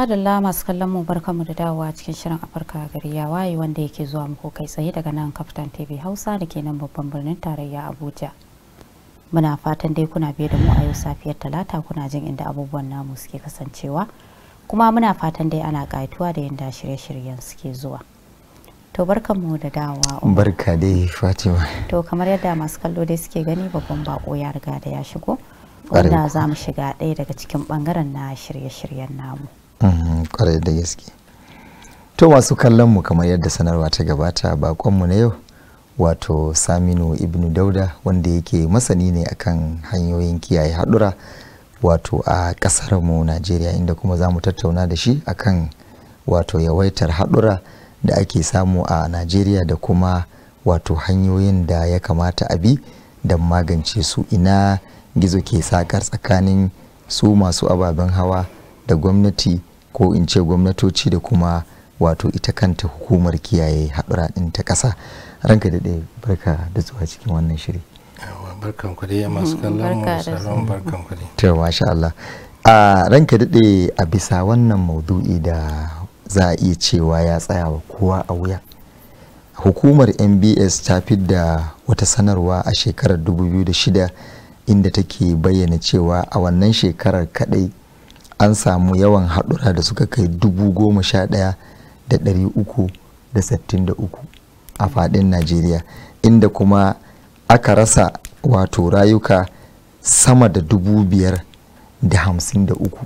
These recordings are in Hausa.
madalla masu kallon mu barkamu da dawowa cikin shirin afirka gari ya waye wanda yake zuwa muku kai tsaye daga nan kaftan tv hausa da ke nan babban birnin tarayya abuja muna fatan dai kuna biye da mu a yau safiyar talata kuna jin inda abubuwan namu suke kasancewa kuma muna fatan dai ana kayatuwa da yadda shirye-shiryen suke zuwa to barkanmu da dawowa barka dai fatima to kamar yadda masu kallo dai suke gani babban bako ya riga da ya shigo wanda za mu shiga ɗaya daga cikin bangaren na shirye-shiryen namu Mhm, kwarai da gaske to masu kallon mu kamar yadda sanarwa ta gabata bakon mu na yau wato saminu ibnu dauda wanda yake masani ne akan hanyoyin kiyaye haɗura wato a ƙasar mu najeriya inda kuma za mu tattauna da shi akan wato yawaitar haɗura da ake samu a najeriya da kuma wato hanyoyin da ya kamata a bi don magance su ina gizo ke sakar tsakanin su masu ababen hawa da gwamnati ko in ce gwamnatoci da kuma wato ita kanta hukumar kiyaye haɗura ɗin ta ƙasa ranka da ɗaya barka da zuwa cikin wannan shiri barkan ku dai masu mm, kallon mu a ranka daɗe a bisa wannan maudu'i da za a iya cewa ya tsaya wa kowa a wuya hukumar mbs ta fi da wata sanarwa a shekarar 2006 inda take bayyana cewa a wannan shekarar kadai an samu yawan haɗura da suka kai dubu goma sha ɗaya da ɗari uku da sittin da uku a faɗin najeriya inda kuma aka rasa wato rayuka sama da dubu biyar da hamsin da uku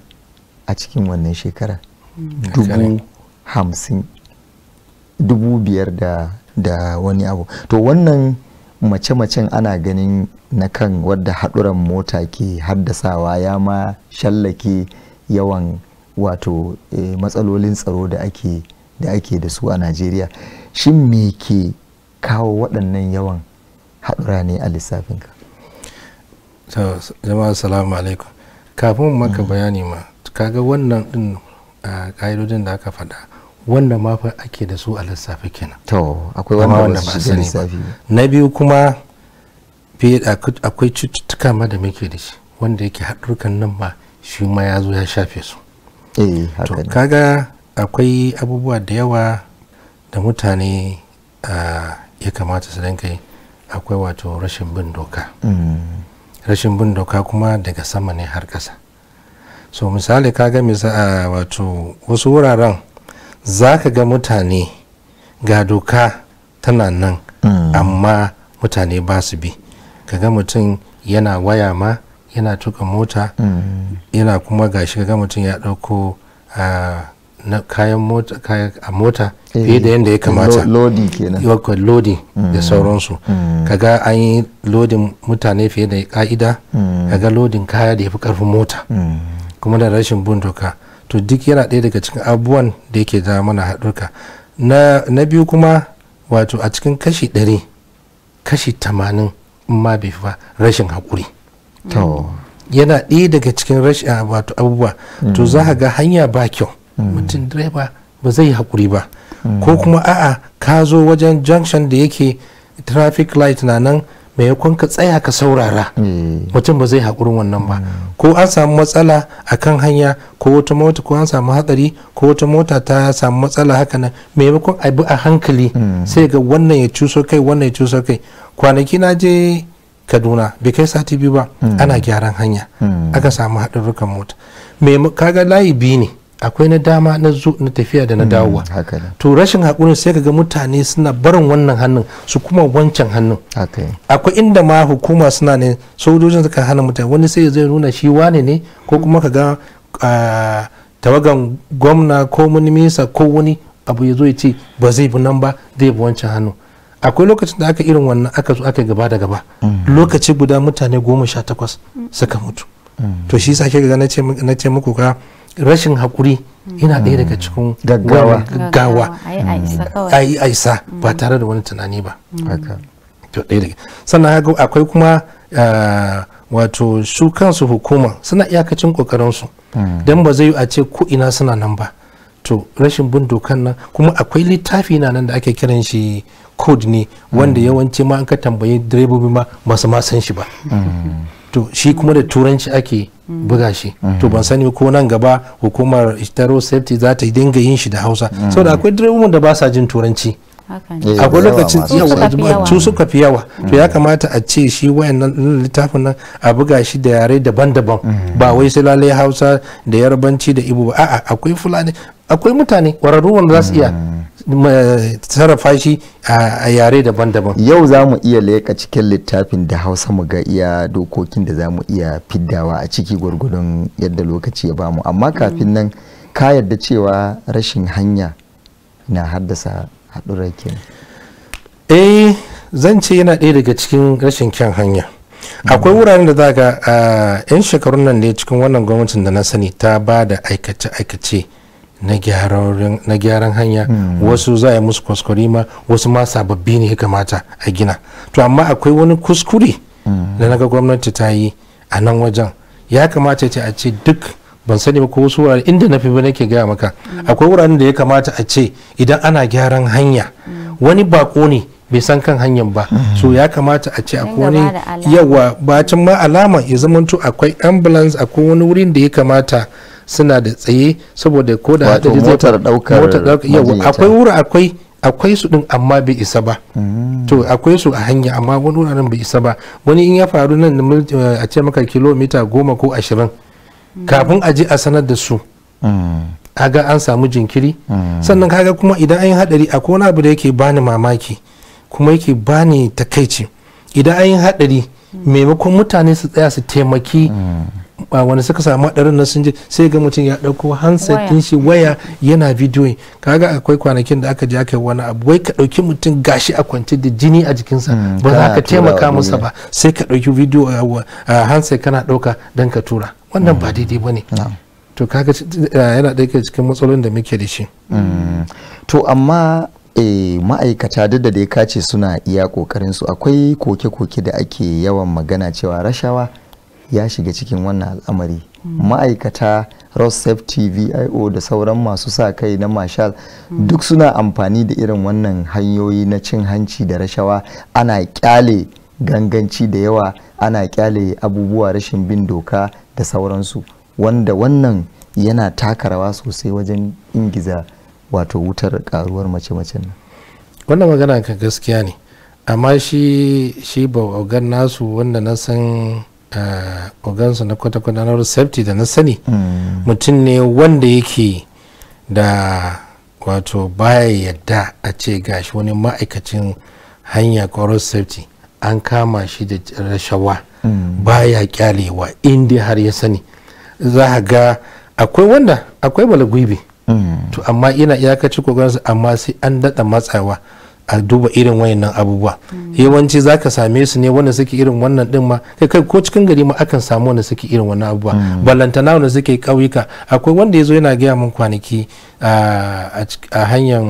a cikin wannan shekara hmm. dubu hamsin dubu biyar da, da wani abu to wannan mace-macen ana ganin na kan wadda haɗuran mota ke haddasawa ya ma shallake yawan wato e, matsalolin tsaro da ake da ake da su a najeriya shin me ke kawo waɗannan yawan haɗura ne a lissafinka so, jama'a salamu alaikum kafin maka mm. bayani ma kaga wannan din a ƙa'idodin da aka faɗa wanda ma fa ake da su a lissafi kenan to akwai wanda ba su lissafi na biyu kuma akwai cututtuka ma da muke da shi wanda yake haɗurkan nan ma shi ma ya zo ya shafe su eh, to kaga akwai abubuwa da yawa da mutane ah, ya kamata su danka akwai wato rashin bin doka mm. rashin bin doka kuma daga sama ne har ƙasa so misali kaga misa ah, wato wasu wuraren za ka ga mutane ga doka tana nan mm. amma mutane ba su bi ka ga mutum yana waya ma yana tuka mota yana kuma gashi ga mutum ya dauko na kayan mota a mota fiye eh, da yadda ya kamata lodi da mm. sauransu mm. kaga an yi lodin mutane fiye da ka'ida mm. kaga lodin kaya da ya fi karfin mota kuma da rashin bin doka to duk yana ɗaya daga cikin abubuwan da yake da mana haɗuka na biyu kuma wato a cikin kashi ɗari kashi tamanin ma bai fi rashin haƙuri yana ɗaya daga cikin rashin wato abubuwa mm. to za ka ga hanya ba kyau mm. mutum direba ba zai haƙuri ba mm. ko kuma a'a ka zo wajen junction da yake traffic light na nan maimakon ka tsaya ka saurara eh. mutum ba zai hakuri wannan ba ko an samu matsala a kan hanya ko wata mota ko an samu hatsari ko wata mota ta samu matsala haka nan maimakon abu a hankali sai ga wannan ya cuso kai wannan ya cuso kai kwanaki na je kaduna bai kai sati biyu ba hmm. ana gyaran hanya hmm. aka samu haɗarurrukan mota kaga layi biyu ne akwai na dama na zu na tafiya da na hmm, dawowa to rashin haƙuri sai kaga mutane suna barin wannan hannun su kuma wancan hannun akwai inda ma hukuma suna ne sojojin suka hana mutane wani sai zai nuna shi wane ne ko kuma ka ga tawagan gwamna ko minista ko wani abu ya zo ya ce ba zai bi nan ba zai bi wancan hannun akwai lokacin da aka irin wannan aka zo aka gaba da gaba mm. lokaci guda mutane goma sha takwas suka mutu mm. to shi sa ga na ce muku ka rashin hakuri ina ɗaya daga mm. cikin gaggawa gaggawa a aisa ba tare da wani tunani ba sannan akwai kuma eh, wato su kansu hukuma suna iyakacin kokarinsu don ba zai a ce ko ina suna nan ba to rashin bin dokan nan kuma akwai littafi na nan da ake kiran shi code ne wanda mm. yawanci ma an ka tambayi direbobi ma masu ma san shi ba mm. to shi kuma da turanci ake mm. buga shi to ban sani ko nan gaba hukumar taro safety za ta dinga yin shi da hausa saboda akwai direbobin da ba sa jin turanci eh, akwai lokacin su suka fi yawa to ya kamata a ce shi wayannan littafin nan a buga shi da yare daban-daban ba wai sai lalai hausa da yarbanci da ibo a'a akwai fulani akwai mutane ƙwararru wanda za su iya sarrafa shi a yare daban-daban yau za mu iya leƙa cikin littafin da hausa mu ga iya dokokin da za mu iya fiddawa a ciki gwargwadon yadda lokaci ya bamu amma kafin nan ka yadda cewa rashin hanya na haddasa haɗura kenan eh zan ce yana ɗaya daga cikin rashin kyan hanya akwai wuraren da za ga ah, 'yan shekarun nan ne cikin wannan gwamnatin da na sani ta ba da aikace-aikace na gyaran hanya wasu za a yi musu kwaskwari ma wasu ma sababbi ne ya kamata a gina to amma akwai wani kuskure da naga gwamnati ta yi a nan wajen ya kamata ce a ce duk ban sani ba ko wasu wurare inda na fi nake gaya maka akwai wuraren da ya kamata a ce idan ana gyaran hanya wani bako ne bai san kan hanyar ba so ya kamata a ce akwai wani yawa bacin ma alama ya zamanto akwai ambulance akwai wani wurin da ya kamata suna da tsaye saboda ko da hadari zai motar daukar akwai wuri akwai akwai su din amma bai isa ba mm. to akwai su a hanya amma wani wuraren bai isa ba wani in ya faru nan eh, a ce maka kilomita goma ko ashirin mm. kafin a je a sanar da su mm. A ga an samu jinkiri sannan kaga kuma idan an yi hadari akwai wani abu da yake bani mamaki kuma yake bani takaici idan an yi hadari maimakon mutane su tsaya su taimaki wani suka samu hadarin nan sun je sai ga mutum ya dauko handset din shi waya yana bidiyo kaga akwai kwanakin da aka je aka wani abu wai ka dauki mutum gashi a kwance da jini a jikinsa mm, ba za ka taimaka masa ba sai ka dauki bidiyo eh, a eh, handset kana dauka dan ka tura wannan ba mm. daidai ba ne to kaga eh, yana ɗaya cikin matsalolin da muke da shi mm. to amma e ma'aikata duk da dai kace suna iya kokarin su akwai koke-koke da ake yawan magana cewa rashawa ya shiga cikin wannan al'amari ma'aikata rosef vio da sauran masu sa kai na marshal duk suna amfani da irin wannan hanyoyi na cin hanci da rashawa ana kyale ganganci da yawa ana kyale abubuwa rashin bin doka da sauransu wanda wannan yana taka rawa sosai wajen ingiza wato wutar karuwar mace-macen nan wannan magana ka gaskiya ne amma shi shi nasu wanda na san Eh, ogansa na kwata-kwata na safety da na sani hmm. mutum ne wanda yake da wato baya yadda a ce gashi wani ma'aikacin hanya kwarar safety an kama shi da rashawa hmm. baya kyalewa inda har ya sani za a ga akwai wanda akwai balagwibi hmm. to amma ina iyakaci kogansa amma sai an daɗa matsawa a duba irin wayannan abubuwa yawanci za ka same su ne wanda suke irin wannan din ma kai ko cikin gari ma akan samu wanda suke irin wannan abubuwa mm. ballantana wanda suke kauyuka. akwai wanda ya zo yana gaya min kwanaki a hanyar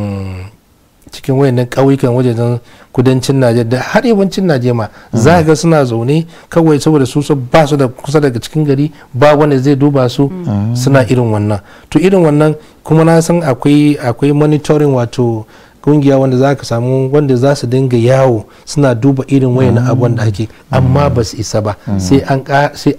cikin wayannan kauyukan wajen kudancin najeriya da har yawancin najeriya ma mm. za ga suna zaune kawai saboda su ba su da kusa daga cikin gari ba wanda zai duba su mm. suna irin wannan to irin wannan kuma na san akwai akwai monitoring wato kungiya wanda za ka samu wanda za su dinga yawo suna duba irin wayan mm. abubuwan da ake amma mm. ba su isa ba mm. sai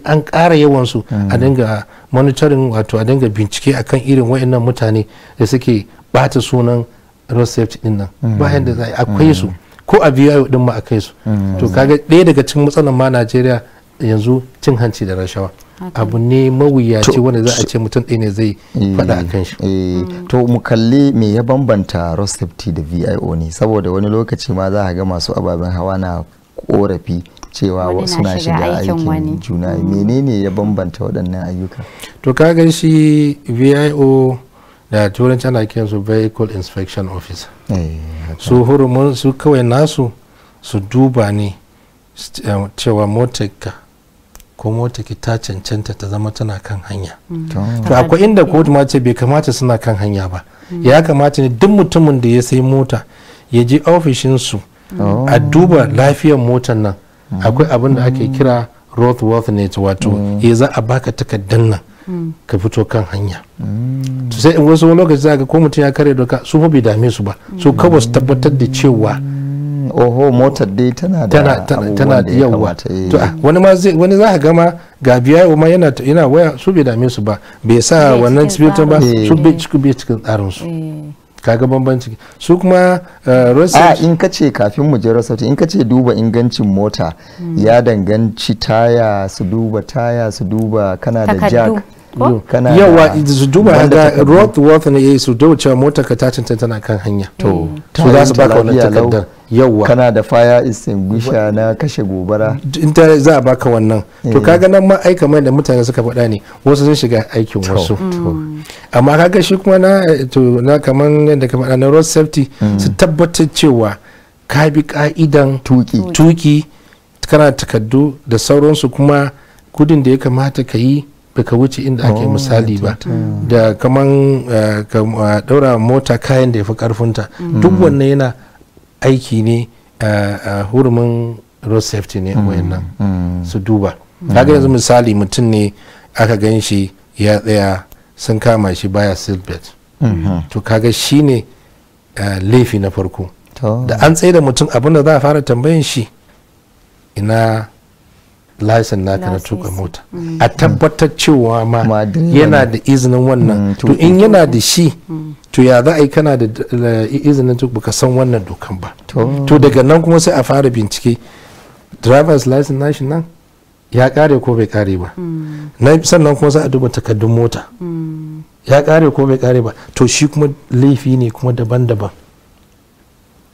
an kara yawansu a dinga monitoring wato a dinga bincike akan irin wayannan mutane da suke bata sunan road safety din nan bayan da za akwai su ko a biya din ma akai su to kaga ɗaya daga cikin matsalan ma Najeriya yanzu cin hanci da rashawa abu ne mawuyaci wanda za a ce mutum ɗaya ne zai eh, faɗa a kan shi eh, mm. to mu kalli me ya bambanta road safety da vio ne saboda wani lokaci ma za a ga masu ababen hawa na korafi cewa suna shiga aikin juna mm. menene ya bambanta waɗannan ayyuka to ka gan shi vio da turanci ana su vehicle inspection officer eh, su hurumin su kawai nasu su duba ne cewa motar ko mota ki ta cancanta ta zama tana kan hanya mm. to akwai inda kotu ma ce bai kamata suna kan hanya ba mm. ya kamata ne duk mutumin da ya sai mota ya je ofishin su oh. a duba lafiyar motar nan mm. akwai abin da ake kira ne wato ya za a baka takardar nan ka fito kan hanya sai wasu lokaci za ga ko mutum ya kare doka su fa bai dame su ba su kawai su tabbatar da cewa oho motar dai tana da tana da yawa eh. to ah, wani ma zai wani za ka gama ga biya ma yana yana waya su bai dame su ba bai sa wannan spirit ba su bai eh. ciki bai cikin tsarin su eh. kaga bambanci su kuma a ah, in ka ce kafin mu je rosati in ka ce duba ingancin mota hmm. ya danganci taya su duba taya su duba kana da jack yawa su duba ga roth worth ne eh, su duba cewa motar ka ta tana kan hanya to mm. su za su baka wannan takardar yawa kana da fire extinguisher na kashe gobara inta za a baka wannan to eh. kaga nan ma ai kamar da mutane suka faɗa ne wasu sun shiga aikin wasu mm. amma kaga shi kuma na eh, to na kamar yadda ka faɗa na road safety mm. su tabbatar cewa ka bi ka'idan tuki tuki kana takaddu da sauransu kuma gudun da ya kamata ka yi baka wuce inda ake oh, misali ba da kaman daura eh, mota kayan da ya fi karfinta mm. duk wannan yana aiki ne a eh, eh, hurumin road safety ne mm. wayannan mm. su duba kaga yanzu misali mutum ne aka gan shi ya tsaya sun kama shi baya silbet. Mm-hmm. to kaga shi ne laifi na farko da an tsaye da mutum abinda za a fara tambayan shi ina lasin naka na tuka mota mm. a tabbatar cewa ma yana da izinin wannan mm, to in yana da shi mm. to ya za a yi kana da izinin tuka baka san wannan dokan ba to daga nan kuma sai a fara bincike driver's license nashi nan ya kare ko bai kare ba Na sannan kuma sai a duba takardun mota ya kare ko bai kare ba to shi kuma laifi ne kuma daban-daban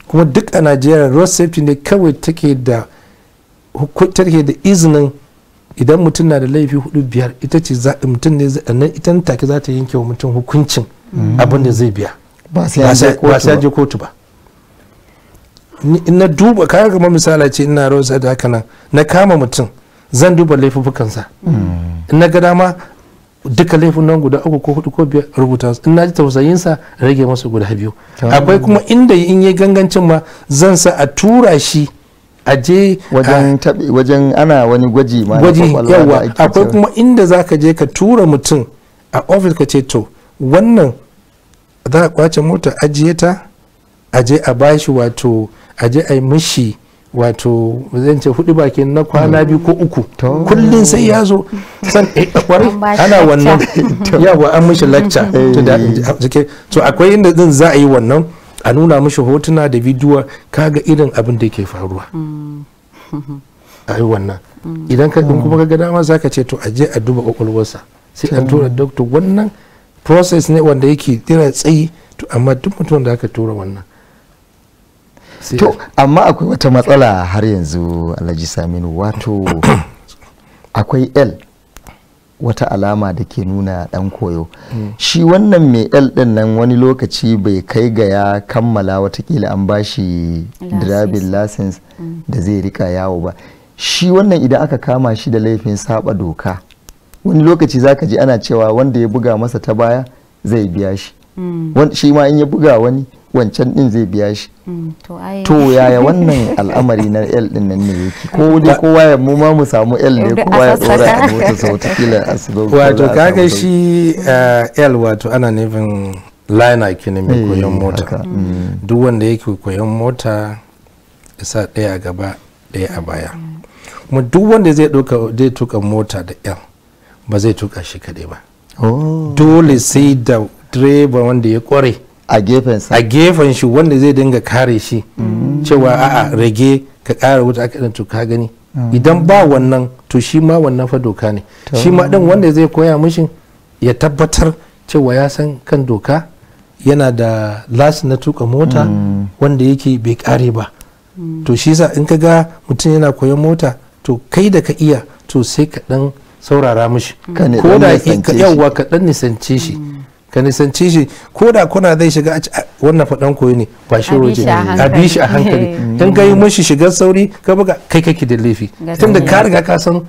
kuma duk a najeriya road safety ne kawai take da ke da izinin idan mutum na da laifi hudu biyar ita ce mutum ne nan ita take za ta yanke wa mutum hukuncin mm. abin da zai biya ba sai je kotu ba na duba kaga kamar misala ce ina rosa da haka nan na kama mutum zan duba laifukansa mm. in na ga dama duka laifin nan guda uku ko hudu ko biyar rubuta in na ji tausayinsa rage masa guda biyu akwai kuma inda in yi gangancin ma zan sa a tura shi aje wajen ah, tabi wajen ana wani gwaji ma gwaji yawa akwai kuma inda za ka je ka tura mutum a ofis ka ce to wannan za a kwace mota ajiye ta aje a bashi wato aje a yi mishi wato zan ce hudu bakin na kwana hmm. biyu ko uku kullum sai ya zo san eh, kwarai ana wannan yawa an mishi lacca eh. to akwai inda zan za a yi wannan a nuna mishi hotuna da bidiyo kaga irin abin da ke faruwa mm. a yi wannan idan ka kuma ga dama za ka ce to a je a duba kwakwalwarsa sai an tura mm. doctor wannan process ne wanda yake yana tsayi to amma duk mutum da aka tura wannan to amma akwai wata matsala har yanzu alhaji saminu wato akwai l wata alama da ke nuna dan koyo mm. shi wannan mai l din nan wani lokaci bai kai ga ya kammala watakila an bashi driving license mm. da zai rika yawo ba shi wannan idan aka kama shi da laifin saba doka wani lokaci za ka ji ana cewa wanda ya buga masa ta baya zai biya shi Hmm. shi ma in ya buga wani wancan din zai biya shi hmm, to yaya wannan al'amari na l din nan ne yake ko dai kowa ya mu ma mu samu l ne kowa ya dora a mota sau kila a su wato kaga shi eh, l wato ana nufin liner kenan mai eh, koyon mota hmm. duk wanda yake koyon mota isa ɗaya a gaba ɗaya a baya kuma duk wanda zai zai tuka mota da l ba zai tuka shi kaɗai ba oh. dole sai da direba wanda ya kware a gefen a gefen shi wanda zai dinga kare shi cewa a'a rage ka kara wuta aka to ka gani mm. idan ba wannan to shi ma wannan fa doka ne shi ma din wanda zai koya mishi ya tabbatar cewa ya san kan doka yana da lasin na tuka mota mm. wanda yake bai kare ba mm. to shi sa in ka ga mutum yana koyon mota to kai da ka iya to sai ka dan saurara mishi ko da yawwa ka dan nisance shi ka nisanci shi ko da kuna zai shiga a wannan faɗan koyo ne ba shi roje a bi shi a hankali dan ga yi mashi shigar sauri ka buga kai kake da laifi tunda ka riga ka san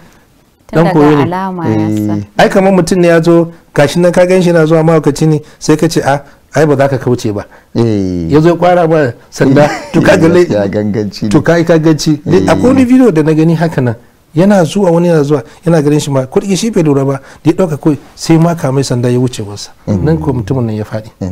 dan koyo ne eh, ai kamar mutum ne ya zo gashi nan ka gan shi na zuwa mawakaci ne sai ka ce a ah, ai ba za ka kauce ba eh. ya zo kwara ba sanda to ka ga ganganci eh. akwai wani bidiyo da na gani haka nan yana zuwa wani yana zuwa yana ganin shi ma kudi shi bai lura ba da ya dauka kai sai ma mai sanda ya wuce wasa mm. nan ko mutumin nan ya faɗi mm.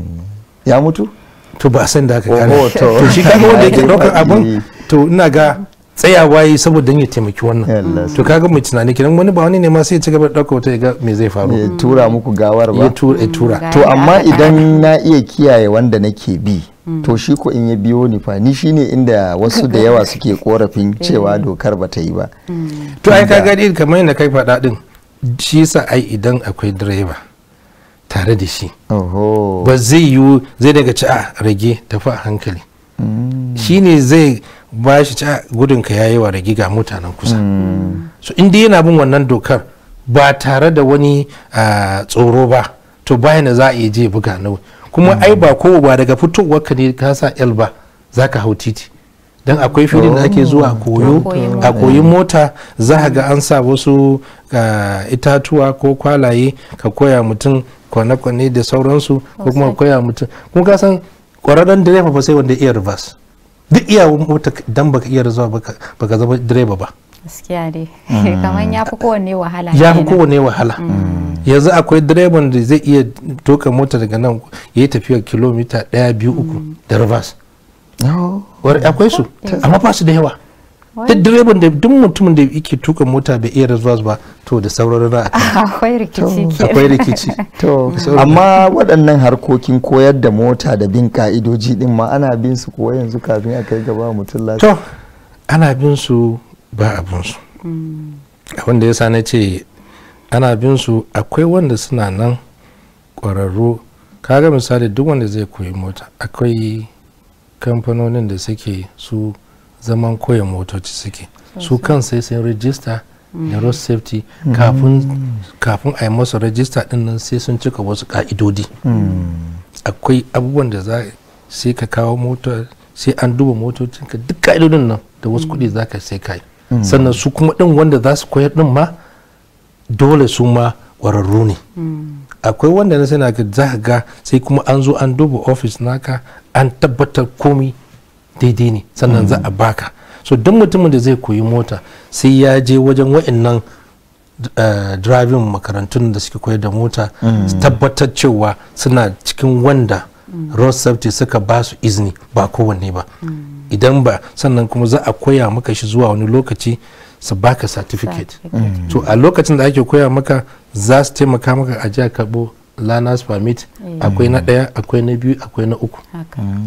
ya mutu to ba san da aka kare to shi kaga wanda yake daukar abun to ina ga tsayawa yi saboda ya taimaki wannan to kaga mai tunani kenan wani ba wani ne ma sai ya ci gaba da dauka wata ga me zai faru ya tura muku gawar ba ya tura to amma idan na iya kiyaye wanda nake bi Mm. to shi ko in ya biyo ni fa ni shine inda wasu da yawa suke korafin eh. cewa dokar ba ta yi ba mm. to ai ka gani kamar yadda kai faɗa din shi sa ai idan akwai direba tare da shi ba zai yi zai daga ci a ah, rage tafi a hankali mm. shine zai ba shi ci a ah, ka yayi wa rage ga mutanen kusa so inda yana bin wannan dokar ba tare da wani ah, tsoro ba to bayan za a iya je buga nawa. kuma mm. ai ba ko ba daga fitowar ka ne ka sa l ba za ka hau titi don akwai filin da ake zuwa a oh. koyo a koyi mota za ga an sa wasu eh, itatuwa ko kwalaye ka koya mutum kwane-kwane da sauransu ko kuma koya mutum kuma ka san kwararren direba ba sai wanda iya reverse duk iya mota dan baka iya zuwa baka zama direba ba gaskiya dai hmm. kamar ya fi kowanne wahala ya fi kowanne wahala hmm. yanzu akwai direban da zai iya toka mota daga nan ya yi tafiya kilomita ɗaya biyu uku hmm. da rivers akwai su amma ba su da yawa duk direban da duk mutumin da yake tuka mota bai iya rivers ba to da sauran ra'a akwai rikici akwai rikici amma waɗannan harkokin koyar da mota da bin ka'idoji din ma ana bin su ko yanzu kafin a kai gaba mutum lafiya to ana bin su ba abinsu mm. abin da ya sa na ce ana bin su akwai wanda suna nan ƙwararru kaga misali duk wanda zai koyi mota akwai kamfanonin da suke su zaman koya motoci suke su kan sai sun rijista da mm. road safety kafin mm. a yi masa rajista din nan sai sun cika wasu ka'idodi akwai abubuwan da za sai ka kawo motar sai an duba motocinka duk ka'idodin nan da wasu kuɗi za ka sai kai Mm. sannan su kuma ɗin wanda za su koyar ɗin ma dole su ma ƙwararru ne mm. akwai wanda na sana ga za ga sai kuma an zo an duba ofis naka an tabbatar komi daidai ne sannan za a mm. baka so duk mutumin da zai koyi mota sai ya je wajen wa'annan eh, driving makarantun da suke koyar da mota tabbatar cewa suna cikin wanda road safety suka ba su izini ba kowanne ba idan ba sannan kuma za a koya maka shi zuwa wani lokaci su baka certificate to a lokacin da ake koya maka za su taimaka maka a jiya karbo lanas permit eh. akwai na ɗaya akwai na biyu akwai na uku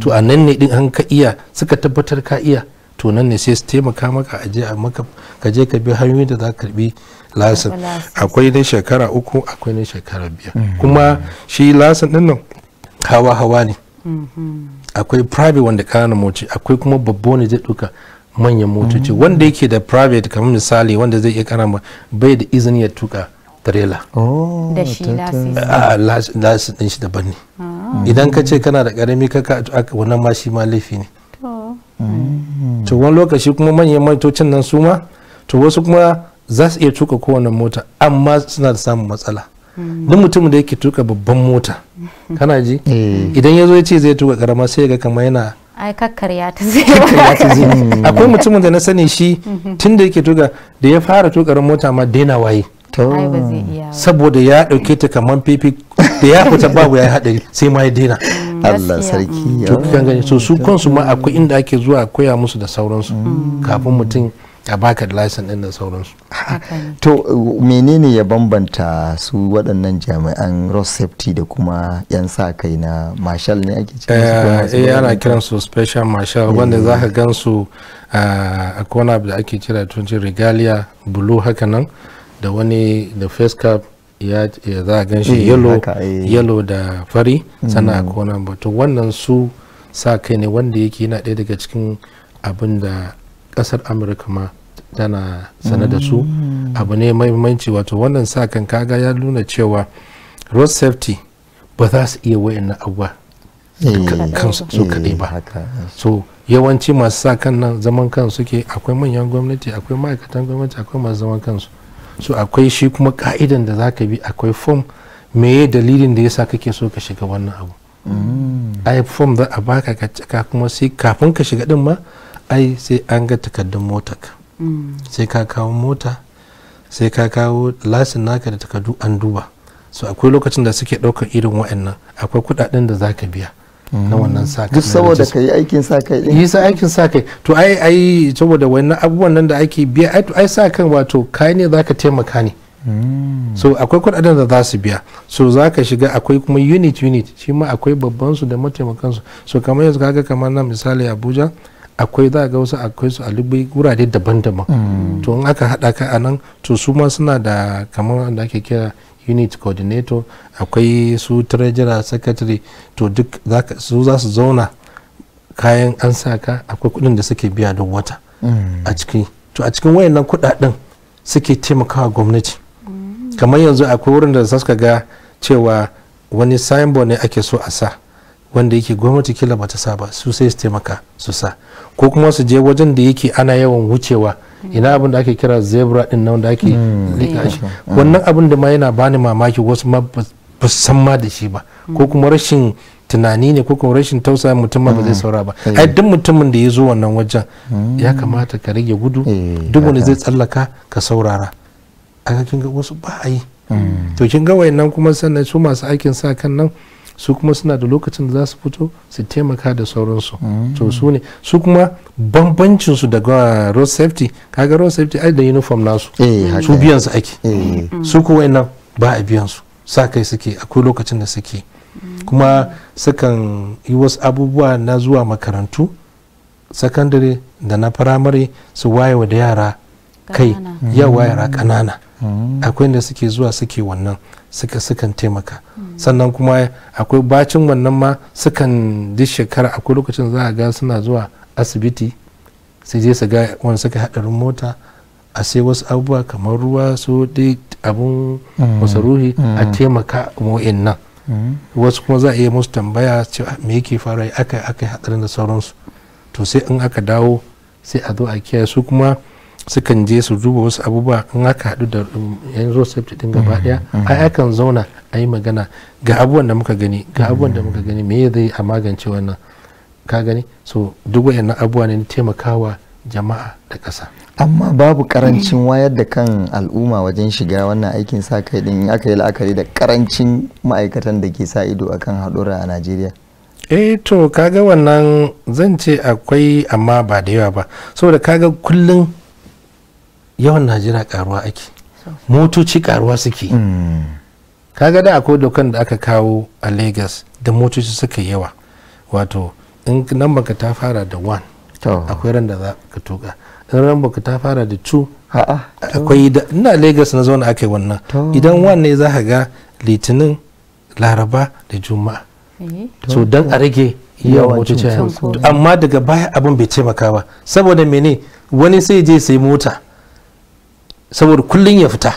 to a nan ne din an ka iya suka tabbatar ka iya to nan ne sai su taimaka maka a maka ka je ka bi hanyoyin da za ka karbi lasin akwai na shekara uku akwai na shekara biyar mm. kuma shi lasin din nan hawa hawa ne mm-hmm. akwai private wanda kana moci akwai kuma babba wanda zai duka manyan motoci mm. wanda yake da private kamar misali wanda zai iya kana bai da izini ya tuka trailer oh, da shi lasi din shi daban ne ah. idan ka ce kana da karami kaka wannan ma shi ma laifi ne mm. to wani lokaci kuma manyan motocin nan su ma to wasu kuma za su iya tuka kowane mota amma suna da samun matsala Mm. duk mutumin da yake tuka babban mota kana ji eh. idan ya zo ya ce zai tuka karama sai ga kamar yana ai kakkarya ta zai mm. akwai mutumin da na sani shi mm-hmm. tun da yake tuka da ya fara tuka mota ma daina waye saboda ya dauke ta kamar fifi da ya fita babu ya yi hadari sai ma ya daina mm, Allah sarki to kan gani so su kansu ma akwai inda ake zuwa koya musu da sauransu kafin mutum a baka lasin din da sauransu to menene ya bambanta su waɗannan jami'an road safety da kuma yan sa kai na marshal ne ake cikin eh, eh ana kiran su special marshal wanda za ka gan su a kona da ake kira tunci regalia blue haka nan da wani da face cap ya za a gan shi eh, eh. yellow da fari sannan a kona mm. to wannan su sa kai ne wanda yake yana ɗaya daga cikin abinda. kasar amurka ma tana sane da su mm. abu ne mahimmanci wato wannan sa kan kaga ya nuna cewa road safety ba za su iya na abuwa kansu su eh, eh, kaɗai ba so yawanci masu sa kan nan zaman kan suke akwai manyan gwamnati akwai ma'aikatan gwamnati akwai masu zaman kansu so akwai shi kuma ka'idan da za ka bi akwai fom meye dalilin da yasa kake so ka shiga wannan abu mm. ai fom za a baka ka kuma sai kafin ka shiga din ma ai sai an ga takardun ka. Mm. sai ka kawo mota sai ka kawo lasin naka da takardu an duba so akwai lokacin da suke daukar irin wa'annan akwai kuɗaɗen da za ka biya na wannan sa duk saboda ka aikin sa kai yi sa aikin sa kai to ai ai saboda wannan abubuwan nan da ake biya ai ai sa kan wato kai ne zaka taimaka ne mm. so akwai kudaden da za su biya so za ka shiga akwai kuma unit unit shi ma akwai babban su da mataimakan su so kamar yanzu kaga kamar na misali Abuja akwai za ga wasu akwai su a libi wurare daban-daban hmm. to in aka haɗa ka a nan to su ma suna da kamar da ake kira unit coordinator akwai su treasurer secretary to duk su za su zauna kayan an sa ka akwai kudin da suke biya duk wata hmm. a ciki to a cikin wayannan kudaden suke taimakawa gwamnati hmm. kamar yanzu akwai wurin da za su ga cewa wani signboard ne ake so a sa wanda yake gwamnati kila bata sa ba su sai su taimaka su sa ko kuma su je wajen da yake ana yawan wucewa ina abin da ake kira zebra din nan da ake hmm. lika shi hmm. wannan abin da ma yana bani mamaki wasu ma ba san ma da shi ba ko hmm. kuma rashin tunani ne ko kuma rashin tausaya mutum ma ba zai saura ba ai duk mutumin da ya zo wannan wajen ya kamata ka rage gudu eh, duk wanda zai tsallaka ka saurara a kin ga wasu ba a yi to kin ga wayannan kuma sannan su masu aikin sa kan nan su kuma suna da lokacin da za su fito su taimaka da sauransu mm. to su ne su kuma bambancin su daga road safety kaga road safety ai da uniform nasu eh, su biyan su ake eh. mm. su kuwa nan ba a biyan su sa kai suke akwai lokacin da suke mm. kuma sukan yi wasu abubuwa na zuwa makarantu sakandare da na firamare su wayewa da yara kai yawa yara kanana akwai da suke zuwa suke wannan suka sukan taimaka sannan kuma akwai bacin wannan ma sukan duk shekara akwai lokacin za a ga suna zuwa asibiti sai je su ga wani suka haɗarin mota a sai wasu abubuwa kamar ruwa su dai abun mm. masaruhi a mm. taimaka mo'in nan mm. wasu kuma za a iya musu tambaya cewa me yake fara yi aka yi haɗarin da sauransu to sai in aka dawo sai a zo a kiyaye su kuma sukan je su duba wasu abubuwa in aka haɗu da um, yanzu road safety din gaba daya mm, mm. ai akan zauna a yi magana ga abubuwan da muka gani ga abubuwan da mm. muka gani me zai a magance wannan ka gani so duk wani abubuwa ne taimakawa jama'a da ƙasa amma babu karancin wayar da kan al'umma wajen shiga wannan aikin sa kai din aka yi la'akari da karancin ma'aikatan da ke sa ido akan haɗura a najeriya e to kaga wannan zan ce akwai amma ba da yawa ba saboda kaga kullum yawan najeriya karuwa ake motoci karuwa suke hmm. kaga da akwai dokan da aka kawo a lagos da motoci suka yawa wato in nan baka ta fara da 1 akwai ran da za ka tuka in ran baka ta fara da 2 akwai da ina lagos na zauna aka yi wannan idan 1 ne za ka ga litinin laraba da juma'a eh. so don a rage yawan motoci amma daga baya abin bai taimaka ba saboda mene wani sai je sai mota saboda kullun ya fita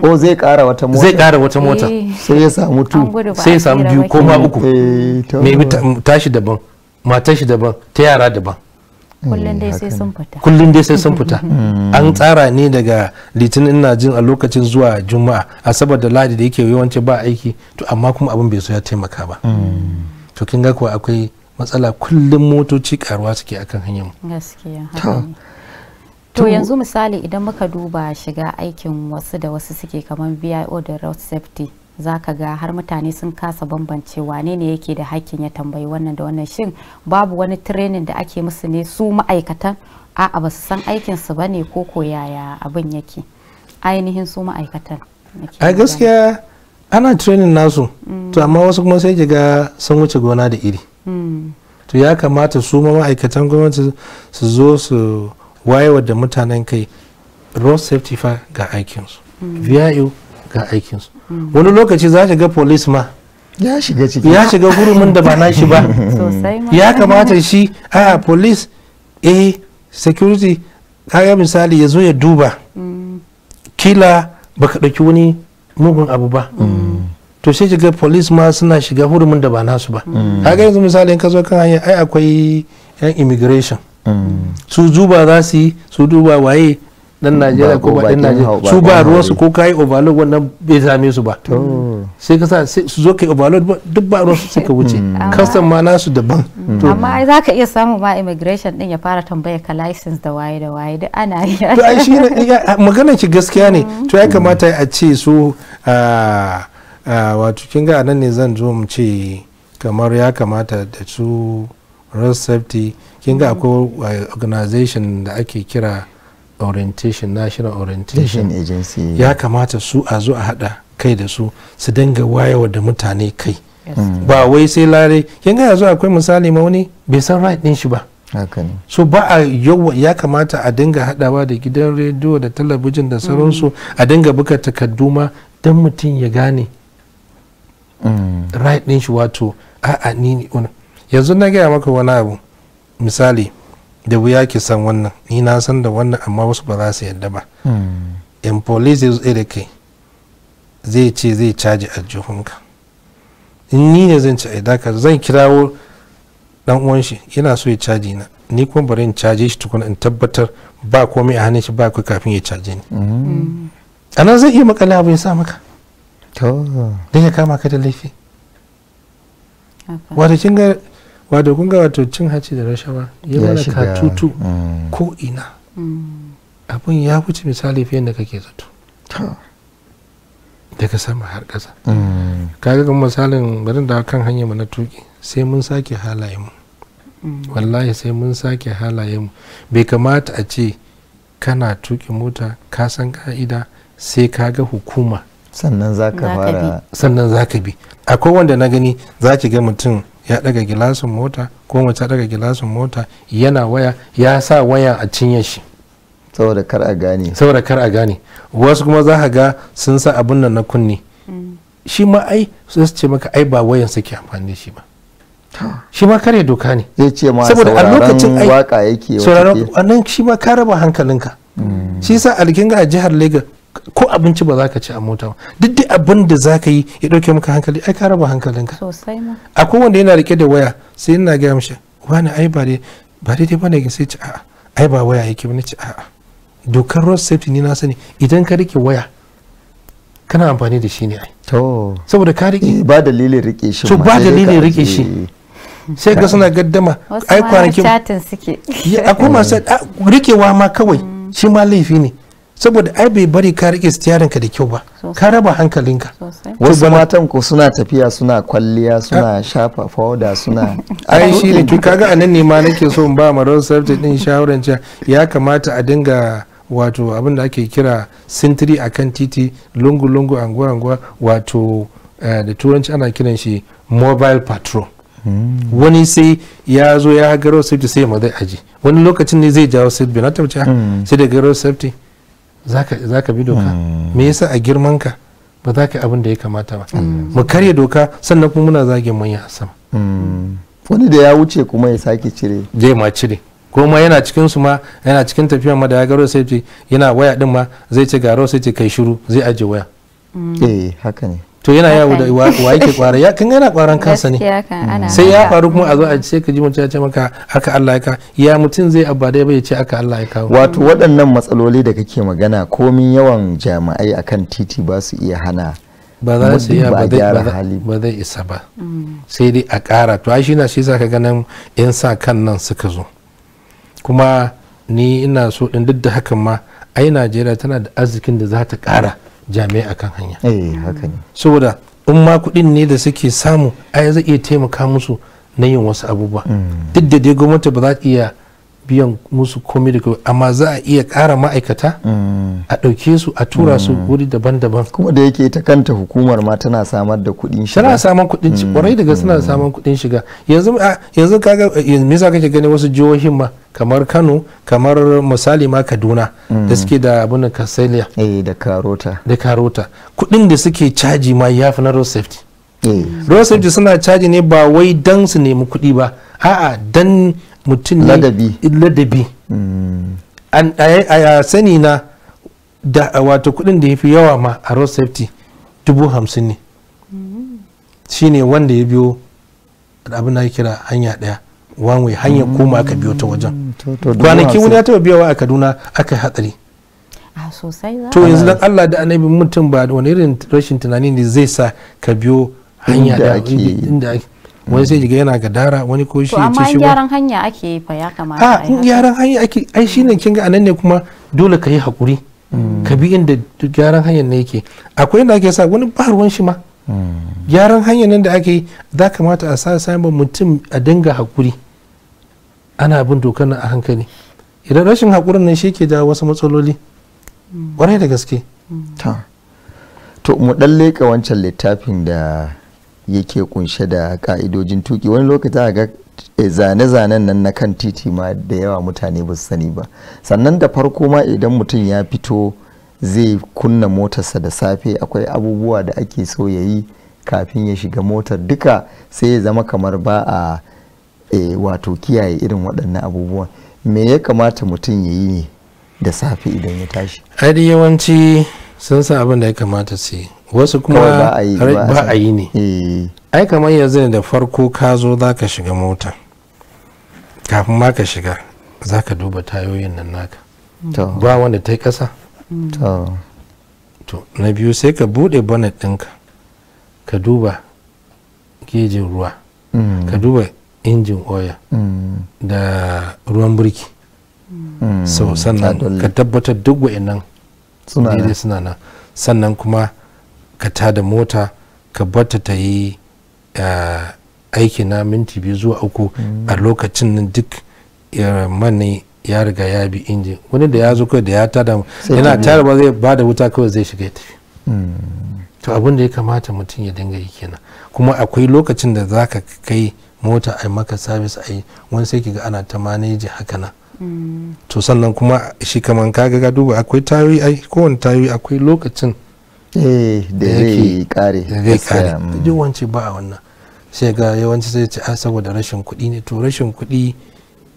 ko zai kara wata mota zai kara wata mota eh. sai ya samu tu sai ya samu biyu ko ma uku eh, mai bi tashi daban matar shi daban ta yara daban kullum dai eh, sai sun fita kullum dai sai sun fita hmm. an tsara ne daga litinin ina jin a lokacin zuwa juma'a asabar da ladi da yake yawanci ba aiki to amma kuma abin bai so ya taimaka ba hmm. to kin ga kuwa akwai matsala kullum motoci karuwa suke akan hanyar gaskiya to yanzu misali idan muka duba shiga aikin wasu da wasu suke kamar bio da road safety za ga har mutane sun kasa bambance wane ne yake da hakkin ya tambayi wannan da wannan shin babu wani training da ake musu ne su ma'aikatan a'a ba su san aikinsu ba ne ko koyaya abin yake ainihin su ma'aikatan a gaskiya ana training nasu mm. to amma wasu kuma sai ga sun wuce gona da iri mm. to ya kamata su ma ma'aikatan gwamnati su zo su wayewar da mutanen kai road safety fa ga aikinsu VIO ga aikinsu wani lokaci za ga police ma ya shiga shiga hurumin da ba na shi ba ya kamata shi a police a security kaga misali ya zo ya duba kila baka ɗauki wani mugun abu ba to sai shiga police ma suna shiga hurumin da ba nasu ba mm. kaga yanzu misali in ka zo kan hanya ai akwai yan immigration su zuba za su yi su duba waye dan najeriya ko ba dan najeriya su ba ruwa su ko ka yi overload wannan bai same su ba sai ka sa su zo yi overload duk ba su su ka wuce mm. custom ma nasu daban mm. amma za ka iya samu ma immigration din ya fara tambaya ka license da waye da waye duk ana yi to ai shi maganar ki gaskiya ne mm. to ya kamata a ce su wato kin ga nan ne zan zo mu ce kamar ya kamata da su road safety kin ga akwai eh, organization da ake kira orientation national orientation agency ya kamata su a zo a hada kai da su su dinga wayewa da mutane kai ba wai sai lare kin ga yanzu akwai misali ma wani bai san right din shi ba so ba a yawa ya kamata a dinga hadawa da gidan rediyo da talabijin da sauransu mm. a dinga buga takardu ma dan mutum ya gane mm. right din shi wato a'a ni ne yanzu na gaya maka wani abu misali da wuya ke san wannan ni na san da wannan amma wasu ba za su yadda ba hmm. in police yanzu zo da kai zai ce zai caji jihunka in ni ne zan ci aidaka zan kirawo dan uwan shi yana so ya caji na ni kuma bari in caje shi tukuna in tabbatar ba komai a hannun shi ba ku kafin ya caje ni hmm. a nan zai iya makale abu ya sa maka to dan ya kama ka da laifi wato kin ga wato kun ga wato cin haci da rashawa ya mana katutu mm. ko ina mm. abin ya wuce misali fiye da kake zato daga sama har ƙasa mm. kaga ga misalin barin da kan hanyar mu na tuki sai mun sake halaye mu wallahi sai mun sake halaye mu bai kamata a ce kana tuki mota ka san ka'ida sai ka ga hukuma sannan za ka fara sannan za ka bi akwai wanda na gani za ki ga mutum ya daga gilasin mota ko mace daga gilasin mota yana waya ya sa waya a cinye shi saboda kar a gane saboda kar a gane wasu kuma za ga sun sa abun nan na kunni mm. shi ma ai su ce maka ai ba wayan suke amfani da shi ba shi ma kare doka ne zai ce ma saboda a lokacin ai waka yake sauraron wannan shi ma ka raba hankalinka mm. shi sa alkinga a jihar Lagos ko abinci ba za ka ci a mota ba duk da abin da za ka yi ya ɗauke maka hankali ai ka raba hankalinka sosai ma akwai wanda yana rike da waya sai yana gaya mishi wani ai ba dai ba dai ba ne sai ci a'a ai ba waya yake bane ci a'a dokar road safety ni na sani idan ka rike waya kana amfani da shi ne ai to saboda ka rike ba dalilin rike shi to ba dalilin rike shi sai ga suna gaddama ai kwanakin wasu ma chatin suke akwai masu rikewa ma kawai shi ma laifi ne saboda ai bai bari ka rike stiyarin ka da kyau ba ka raba hankalinka wasu matan ko suna tafiya suna kwalliya suna ah. shafa suna ai shi ne kaga anan ne ma nake so in ba ma sarti din shawaran ya kamata a dinga wato abin da ake kira sintiri akan titi lungu-lungu anguwa-anguwa wato eh, da turanci ana kiran shi mobile patrol hmm. wani sai ya zo ya garo safety sai ya mazai aji wani lokacin ne zai jawo safety na tabbata hmm. sai da garo safety za ka bi doka hmm. me yasa a girman ka ba za ka abin da ya kamata ba hmm. mu karya doka sannan kuma muna zagin manyan a sama hmm. wani da ya wuce kuma ya sake cire zai ma cire ko yana cikin su ma yana cikin tafiya ma da ya garo sai yana waya din ma zai ce garo sai ce kai shiru zai ajiye waya eh haka ne to yana yawo da wa yake kwara ya kan yana kwaran kansa ne sai ya faru kuma a zo a ce ka ji mutum ya ce maka aka Allah ya ka ya mutum zai abada dai bai ce aka Allah ya ka wato waɗannan matsaloli da kake magana komin yawan jami'ai akan titi ba su iya hana ba za su iya ba zai isa ba mm. sai dai a ƙara to shi na shi ka ganin yan sa kan nan suka zo kuma ni ina so in duk da hakan ma ai najeriya tana da arzikin da za ta ƙara jami'ai akan hanya eh, saboda in ma kuɗin ne da suke samu ai zai iya taimaka musu na yin wasu abubuwa mm. duk da dai gwamnati ba za ta iya biyan musu komai da komai amma za a iya ƙara ma'aikata a ɗauke su a tura su mm. wuri daban-daban kuma da yake ta kanta hukumar ma tana samar da kuɗin shiga tana saman kuɗin shiga mm. ƙwarai daga suna mm. saman kuɗin shiga yanzu yanzu kaga eh, me yasa kake gani wasu jihohin ma kamar Kano kamar misali ma Kaduna da suke da abin kasaliya eh da Karota da Karota kuɗin da suke caji ma ya fi na road safety eh. road safety suna caji ne ba wai dan su nemi kuɗi ba a'a dan mutum ne ladabi hmm. a sani na da wato kudin da ya fi yawa ma a road safety dubu hamsin ne hmm. shi ne wanda ya biyo abin da kira hanya daya one way hanyar hmm. koma aka biyo ta wajen kwanaki wani ya taba biyawa a kaduna aka hatsari to yanzu dan allah da annabi mutum ba wani irin rashin tunani ne zai sa ka biyo hanya da inda ake wani sai jiga yana gadara wani ko shi ya ce shi gyaran hanya ake fa ya kamata ah, a gyaran hanya ake ai shine kin ga anan ne kuma dole ka yi hakuri ka bi inda gyaran hanyar ne yake akwai inda ake sa wani ba ruwan shi ma gyaran hanyar nan da ake yi za kamata a sa samun mutum a dinga hakuri ana bin dokar nan a hankali idan rashin hakurin nan shi ke da wasu matsaloli warai da gaske to mu ɗan leƙa wancan littafin da yake kunshe da ka'idojin tuki wani lokaci ga eh, zane-zanen nan na kan titi ma da yawa mutane ba su sani ba sannan da farko ma idan mutum ya fito zai kunna motarsa da safe akwai abubuwa da ake so ya yi kafin ya shiga motar duka sai ya zama kamar ba a eh, wato kiyaye irin waɗannan abubuwan me ya kamata mutum ya yi da safe idan ya tashi yawanci sun sa abin da ya kamata su yi wasu kuma ba a yi ne eh. ai kamar yanzu da farko ka zo za ka shiga mota kafin ma ka shiga za ka duba tayoyin nan naka ba wanda ta yi ƙasa to na biyu sai ka buɗe bonnet ɗinka ka duba gejin ruwa mm. ka duba injin oya mm. da ruwan birki mm. sau sannan ka tabbatar duk nan dai suna nan sannan kuma ka tada mota ka bata ta yi eh, aiki na minti biyu zuwa uku mm. a lokacin nan duk eh, mani ya riga ya bi injin wani da ya zo kawai da ya tada yana tara ba zai ba da wuta kawai zai shiga tafi mm. to abin da ya kamata mutum ya dinga yi kenan kuma akwai lokacin da za ka kai mota a maka sabis a yi wani sai ki ga ana ta maneji haka nan to sannan kuma shi kamar kaga ga duba akwai tayoyi ai kowane tayoyi akwai lokacin eh, da zai kare da zai kare mm. wance ba a wannan sai ga yawanci sai ce a ah, saboda rashin kuɗi ne to rashin kuɗi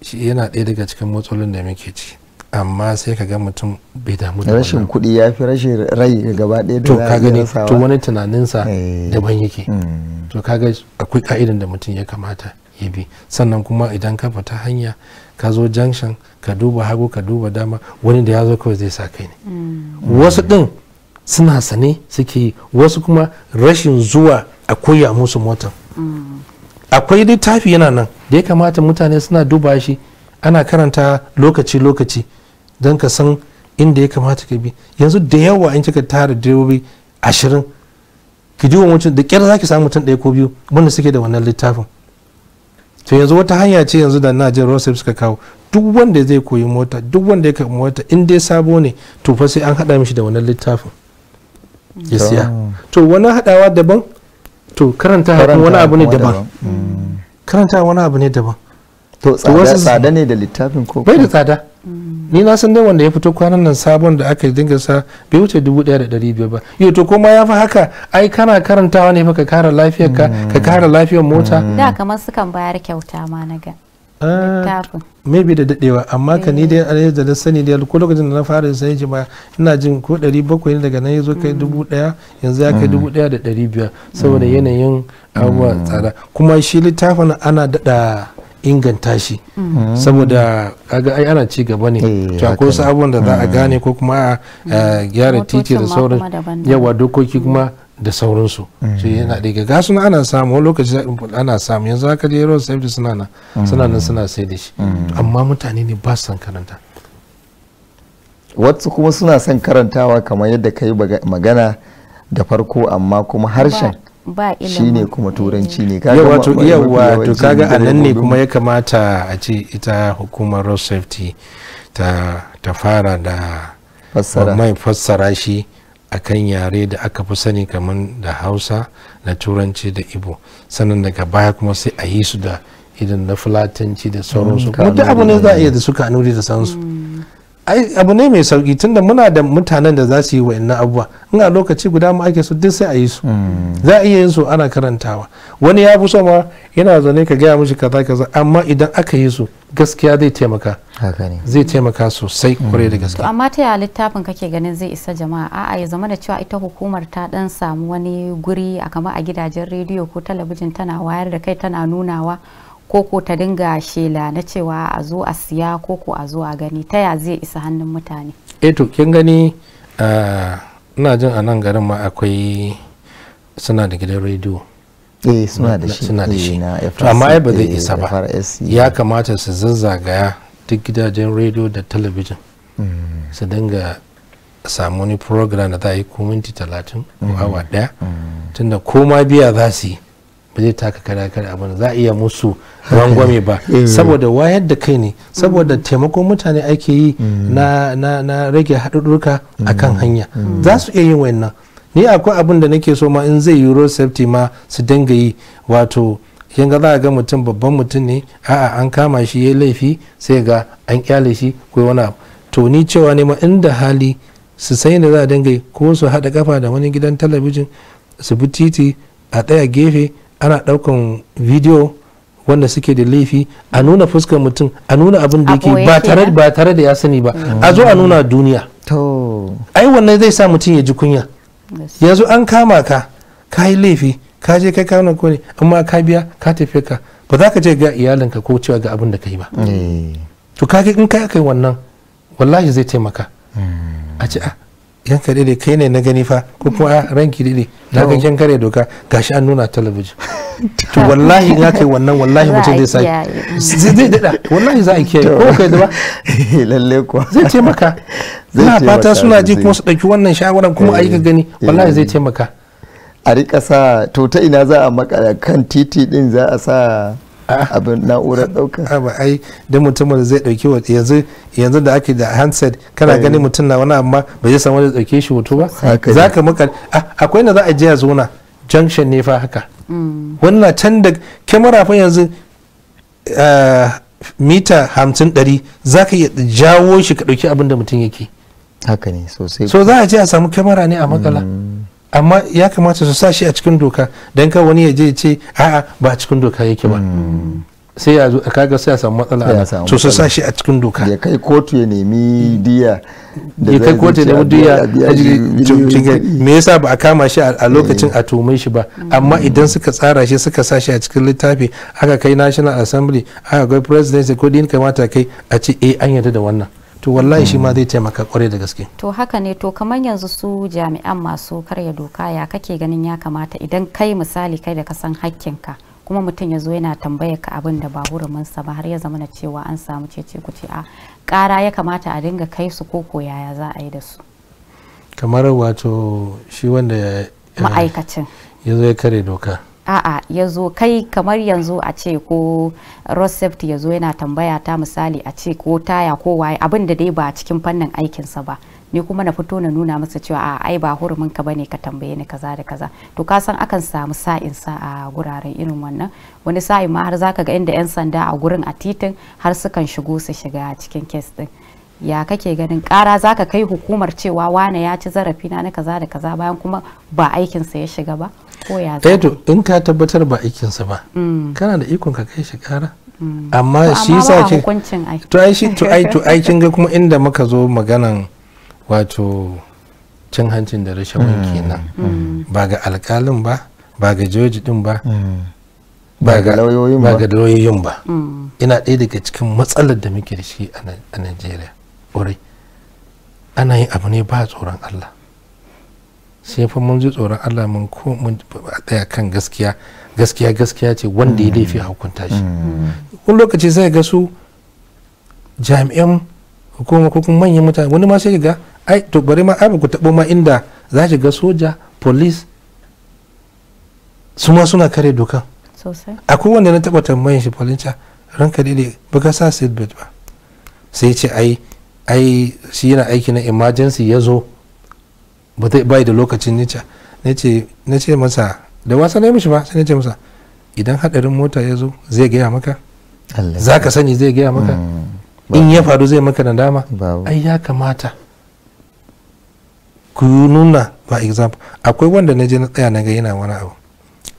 shi yana ɗaya daga cikin matsalolin da muke ci amma sai ka ga mutum bai damu da rashin kuɗi ya fi rashin rai gaba ɗaya da to ka gani to wani tunaninsa eh. daban yake mm. to kaga akwai ka'idan da mutum ya kamata ya bi sannan kuma idan ka fita hanya ka zo junction ka duba hagu ka duba dama wani da ya zo kawai zai sa kai ne wasu din suna sane suke yi wasu kuma rashin zuwa a koya musu motan akwai littafi yana nan da ya kamata mutane suna duba shi ana karanta lokaci-lokaci don ka san inda ya kamata ka bi yanzu da yawa in kika tara direbobi ashirin ki ji wa mutum da kyar za ki samu mutum ɗaya ko biyu wanda suke da wannan littafin to yanzu wata hanya ce yanzu da na jin rosef suka kawo duk wanda zai koyi mota duk wanda ya kai mota in dai sabo ne to fa sai an hada mishi da wannan littafin ya siya ah. to wani hadawa daban to karanta wani abu ne daban mm. karanta wani abu ne daban to tsada ne da littafin ko bai da tsada ni na san dai wanda ya fito kwanan nan sabon da aka dinga sa bai wuce dubu daya da ɗari biyar ba yau to kuma ya fi haka ai kana karantawa ne fa ka kara lafiyar ka ka mm. kara lafiyar mota mm. da kamar sukan bayar kyauta ma na ga ah, maybe da dadewa amma ka ni dai eh. alayyar da na sani da ko lokacin da na fara yin ji jima'a. ina jin ko ɗari bakwai daga nan ya zo kai dubu mm. ɗaya yanzu ya kai dubu ɗaya da ɗari biyar saboda yanayin abubuwan tsada kuma shi littafin ana daɗa inganta shi mm. saboda kaga ai ana ci gaba ne eh, to akwai wasu abubuwan da za a mm. gane ko kuma a gyara titi da sauran yawa dokoki kuma da sauransu mm. su yana daga gasu ana samu wani lokaci ana samu yanzu haka je yaron safety suna nan suna nan suna sai da shi amma mutane ne ba san karanta wasu kuma suna son karantawa kamar yadda kai magana da farko amma kuma harshen ba ilimin shine kuma turanci ne kaga wato yawa to kaga a nan ne kuma ya kamata a ce ita hukumar road safety ta ta fara da mai fassara shi akan yare da aka fi sani kamar da hausa na turanci da ibo sannan daga baya kuma sai a yi su da idan na fulatanci da sauransu mm, kuma duk abu ne za a iya da suka nuri da sansu mm. ai abu ne mai sauki tunda muna da mutanen da za su yi wa'annan abubuwa in a lokaci guda mu ake su duk sai a yi su hmm. za a iya yin su ana karantawa wani ya fi so ma yana zaune ka gaya mishi kaza kaza amma idan aka yi su gaskiya zai taimaka zai taimaka sosai kure da hmm. gaskiya amma ta yaya littafin kake ganin zai isa jama'a a'a ya zama da cewa ita hukumar ta dan samu wani guri a kama a gidajen rediyo ko talabijin tana wayar da kai tana nunawa koko ta dinga shela na cewa a zo a siya koko a zo a gani ta ya zai isa hannun mutane E to kin gani ina jin a nan garin ma akwai suna da gidan rediyo eh, suna da shi suna da eh, shi amma ya ba zai isa ba ya kamata su zazzagaya duk gidajen rediyo da talabijin mm. su dinga samu wani program da za a yi ko minti talatin ko mm. awa daya mm. tunda koma biya za su yi ba zai taka kara kare abu za a iya musu rangwame ba eh. saboda wayar da kai ne saboda taimakon mutane ake yi mm. na rage haɗurruka mm. a kan hanya mm. za su iya yin wannan ni akwai abin da nake so ma in zai yi road safety ma su dinga yi wato kin ga za ga mutum babban mutum ne a'a an kama shi ya laifi sai ga an kyale shi ko wani abu to ni cewa ne ma inda hali su sai da za a dinga yi ko su haɗa kafa da wani gidan talabijin su bi titi a tsaya gefe ana ɗaukan bidiyo wanda suke da laifi a nuna fuskar mutum a nuna abin da yake ba tare da ya sani ba a zo a nuna duniya ai wannan zai sa mutum ya ji kunya yanzu an kama ka ka yi laifi ka je kai kawo ko ne amma ka biya ka tafi ka ba za ka je ga iyalinka ko cewa ga abin da ka yi ba eh. to ka in ka kai wannan wallahi zai taimaka hmm. a ce a ah, yanka daidai kai ne na gani fa ko kuma ranki daidai na ga kyan kare doka gashi an nuna talabijin to wallahi na kai wannan wallahi mutum zai sai zai dada wallahi za a kiyaye ko kai da ba lalle ko zai taimaka ina fata suna ji kuma su dauki wannan shawaran kuma ayi ka eh, gani wallahi zai eh. taimaka a rika sa to ta ina za a makara kan titi din za a sa abin na'urar ɗauka ba ai da mutumin da zai ɗauki wa yanzu yanzu da ake da handset kana eh. gani mutum na wani amma ba zai samu da ɗauke shi hoto ba za ka muka akwai na za a je a zona junction ne fa haka mm. wannan can da kyamara fa yanzu eh, mita hamsin ɗari za ka iya jawo shi ka ɗauki abin da mutum yake haka ne sosai so za a je a samu kyamara ne a makala mm. amma ya kamata su sa shi a cikin doka don ka wani ya je ce a'a ba a cikin doka yake ba hmm. sai ya kaga sai ya samu matsala to su sa shi a cikin doka ya kai kotu ya nemi diya ya kai kotu ya nemi diya me yasa ba a kama shi a eh. lokacin a tume shi ba amma hmm. idan suka tsara shi suka sa shi a cikin littafi aka kai national assembly aka kai president ko din kamata kai a ce eh an yarda da wannan to wallahi shi ma zai taimaka kwarai da gaske to haka ne to kamar yanzu su jami'an masu karya doka ya kake ganin ya kamata idan kai misali kai da ka san hakkinka kuma mutum ya zo yana tambaya ka abin da ba huruminsa ba har ya zama na cewa an samu cece ce a kara ya kamata a dinga kai su ko ko yaya za a yi da su kamar wato shi wanda eh, ma'aikacin ya zo ya kare doka a'a ya zo kai kamar yanzu a ce ko rossept ya zo yana tambaya ta misali a ce ko taya ko waye abin da dai ba cikin fannin aikinsa ba ni kuma na fito na nuna masa cewa a ai ba hurumin ka bane ka tambaye ni kaza da kaza to ka san akan samu sa'in sa a guraren irin wannan wani sa'in ma har zaka ga inda yan sanda a gurin a titin har sukan shigo su shiga cikin kes din ya kake ganin kara zaka kai hukumar cewa wane ya ci zarafi na kaza da kaza bayan kuma ba aikinsa ya shiga ba ko ya eh to in ka tabbatar ba aikinsa ba mm. kana da ikon ka kai shi kara mm. amma shi sa ke to ai shi to ai to ai kin ga kuma inda muka zo maganan wato cin hancin da rashawan mm. kenan ba ga alkalin ba ba ga joji din ba ba ga lauyoyin ba ina ɗaya daga cikin matsalar da muke da shi a najeriya ƙwarai ana yin abu ne ba tsoron allah sai fa mun ji tsoron Allah mun ko mun daya kan gaskiya gaskiya gaskiya ce wanda ya mm. laifi hukunta shi mm. wani lokaci zai ga su jami'an hukuma ko kuma manyan mutane wani ma sai ga ai to bari ma ai ku tabo ma inda za ki ga soja police Suma suna kare doka akwai wanda na taba tambayin shi police ranka dai ba ka sa seatbelt ba sai ce ai ai shi yana aiki na emergency ya zo ba zai bai da lokacin nica na ce masa da wasa na yi mishi ba sai na ce masa idan hadarin mota ya zo zai gaya maka za ka sani zai gaya maka mm, in ya faru zai maka da dama ai ya kamata ku nuna ba example akwai wanda na je na tsaya na ga yana wani abu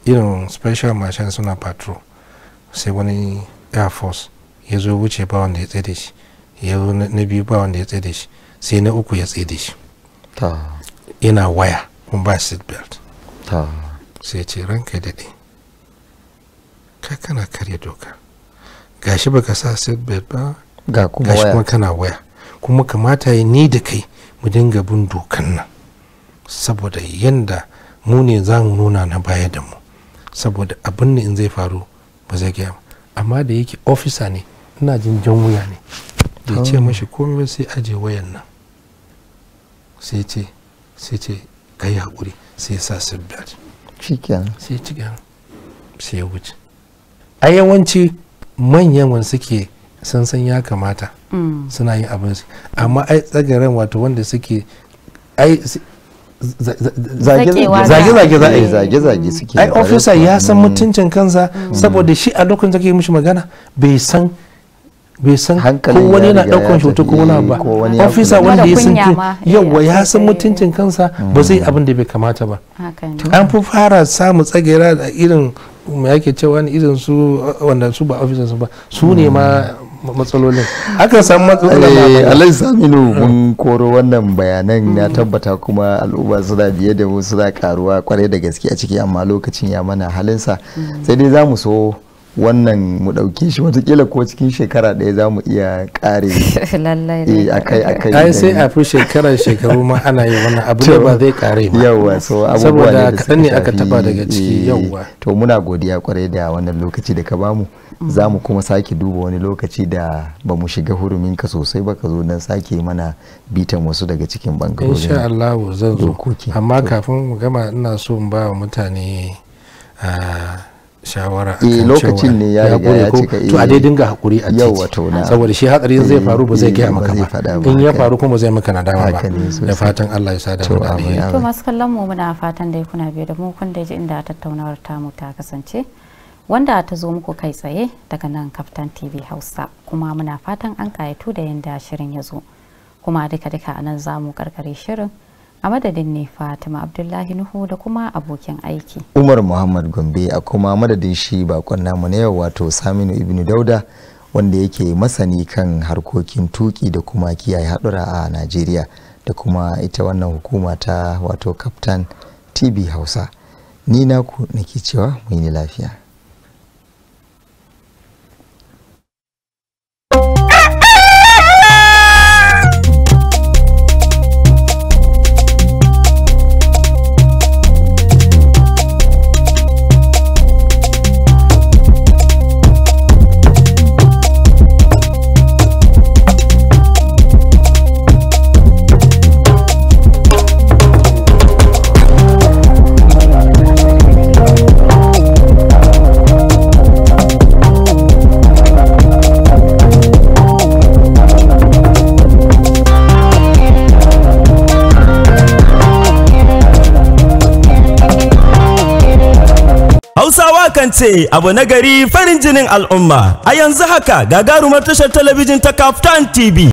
irin special machine suna patrol sai wani air force ya zo wuce ba wanda ya tsaye da shi ya zo na biyu ba wanda ya tsaye da shi sai na uku ya tsaye da shi ina waya mun ba seat belt sai ce ranka daɗe ka kana karya doka gashi baka sa seat belt ba ga kuma gashi kuma kana waya kuma kamata yi ni da kai mu dinga bin dokan nan saboda yanda mu ne za mu nuna na baya da mu saboda abin ne in zai faru ba zai gaya amma da yake ofisa ne ina jin jan wuya ne da ce oh. mashi komai sai aje wayan nan sai ce sai ce ka yi haƙuri sai sa seatbelt shikenan sai cikin sai ya wuce a yawanci manyan wani suke sun san ya kamata mm. suna yin abin su amma ai tsagaren wato wanda suke ai zage-zage za a yi zage-zage suke ai ofisa ya san mm. mutuncin kansa mm. saboda shi a lokacin da ke mishi magana bai san bai san ko wani yana daukan hoto ko wani ba ofisa wanda ya san yawa eh, ya san eh, eh. mutuncin kansa ba zai abin da bai kamata ba an fi fara samu tsagera da irin mai yake cewa irin su wanda su ba ofisa ba su ne ma matsalolin aka samu matsalolin alai saminu mun koro wannan bayanan ya mm. tabbata kuma al'umma suna biye da mu suna karuwa kwarai da gaske a ciki amma lokacin ya mana halinsa mm. sai dai za mu so wannan mu ɗauke shi watakila ko cikin shekara ɗaya za mu iya kare. lallai ƙare eh, akai akai ai sai a fi shekara shekaru ma ana yi wannan abu da ba zai kare ba yawwa so abubuwa ne da ne aka taba daga ciki eh, yawa to muna godiya kwarai da wannan lokaci da ka bamu mm. za mu kuma sake duba wani lokaci da ba mu shiga hurumin ka sosai ba ka zo don sake mana bitan wasu daga cikin bangarori insha Allah zan zo amma kafin mu gama ina so in ba mutane ah, shawara eh, akan lokacin ne ya ya cika to a dai eh, dinga hakuri a ciki saboda shi hatsari zai eh, faru ba zai kai maka ba in ya faru kuma zai maka nadama ba da fatan Allah ya sa da mu to masu kallon mu muna fatan dai kuna biyo da mu kun da ji inda tattaunawar tamu ta kasance wanda ta zo muku kai tsaye daga nan kaftan TV Hausa kuma muna fatan an kayatu da yanda shirin ya zo kuma duka duka anan zamu karkare shirin a madadin ne fatima abdullahi nuhu da kuma abokin aiki umar muhammad gombe a kuma madadin shi bakon namu na yau wato saminu ibnu dauda wanda yake masani kan harkokin tuki da kuma kiyaye hadura a najeriya da kuma ita wannan hukuma ta wato captain tv hausa ni naku nake cewa mu lafiya kasance abu na gari farin jinin al'umma a yanzu haka gagarumar tashar talabijin ta Kaftan TV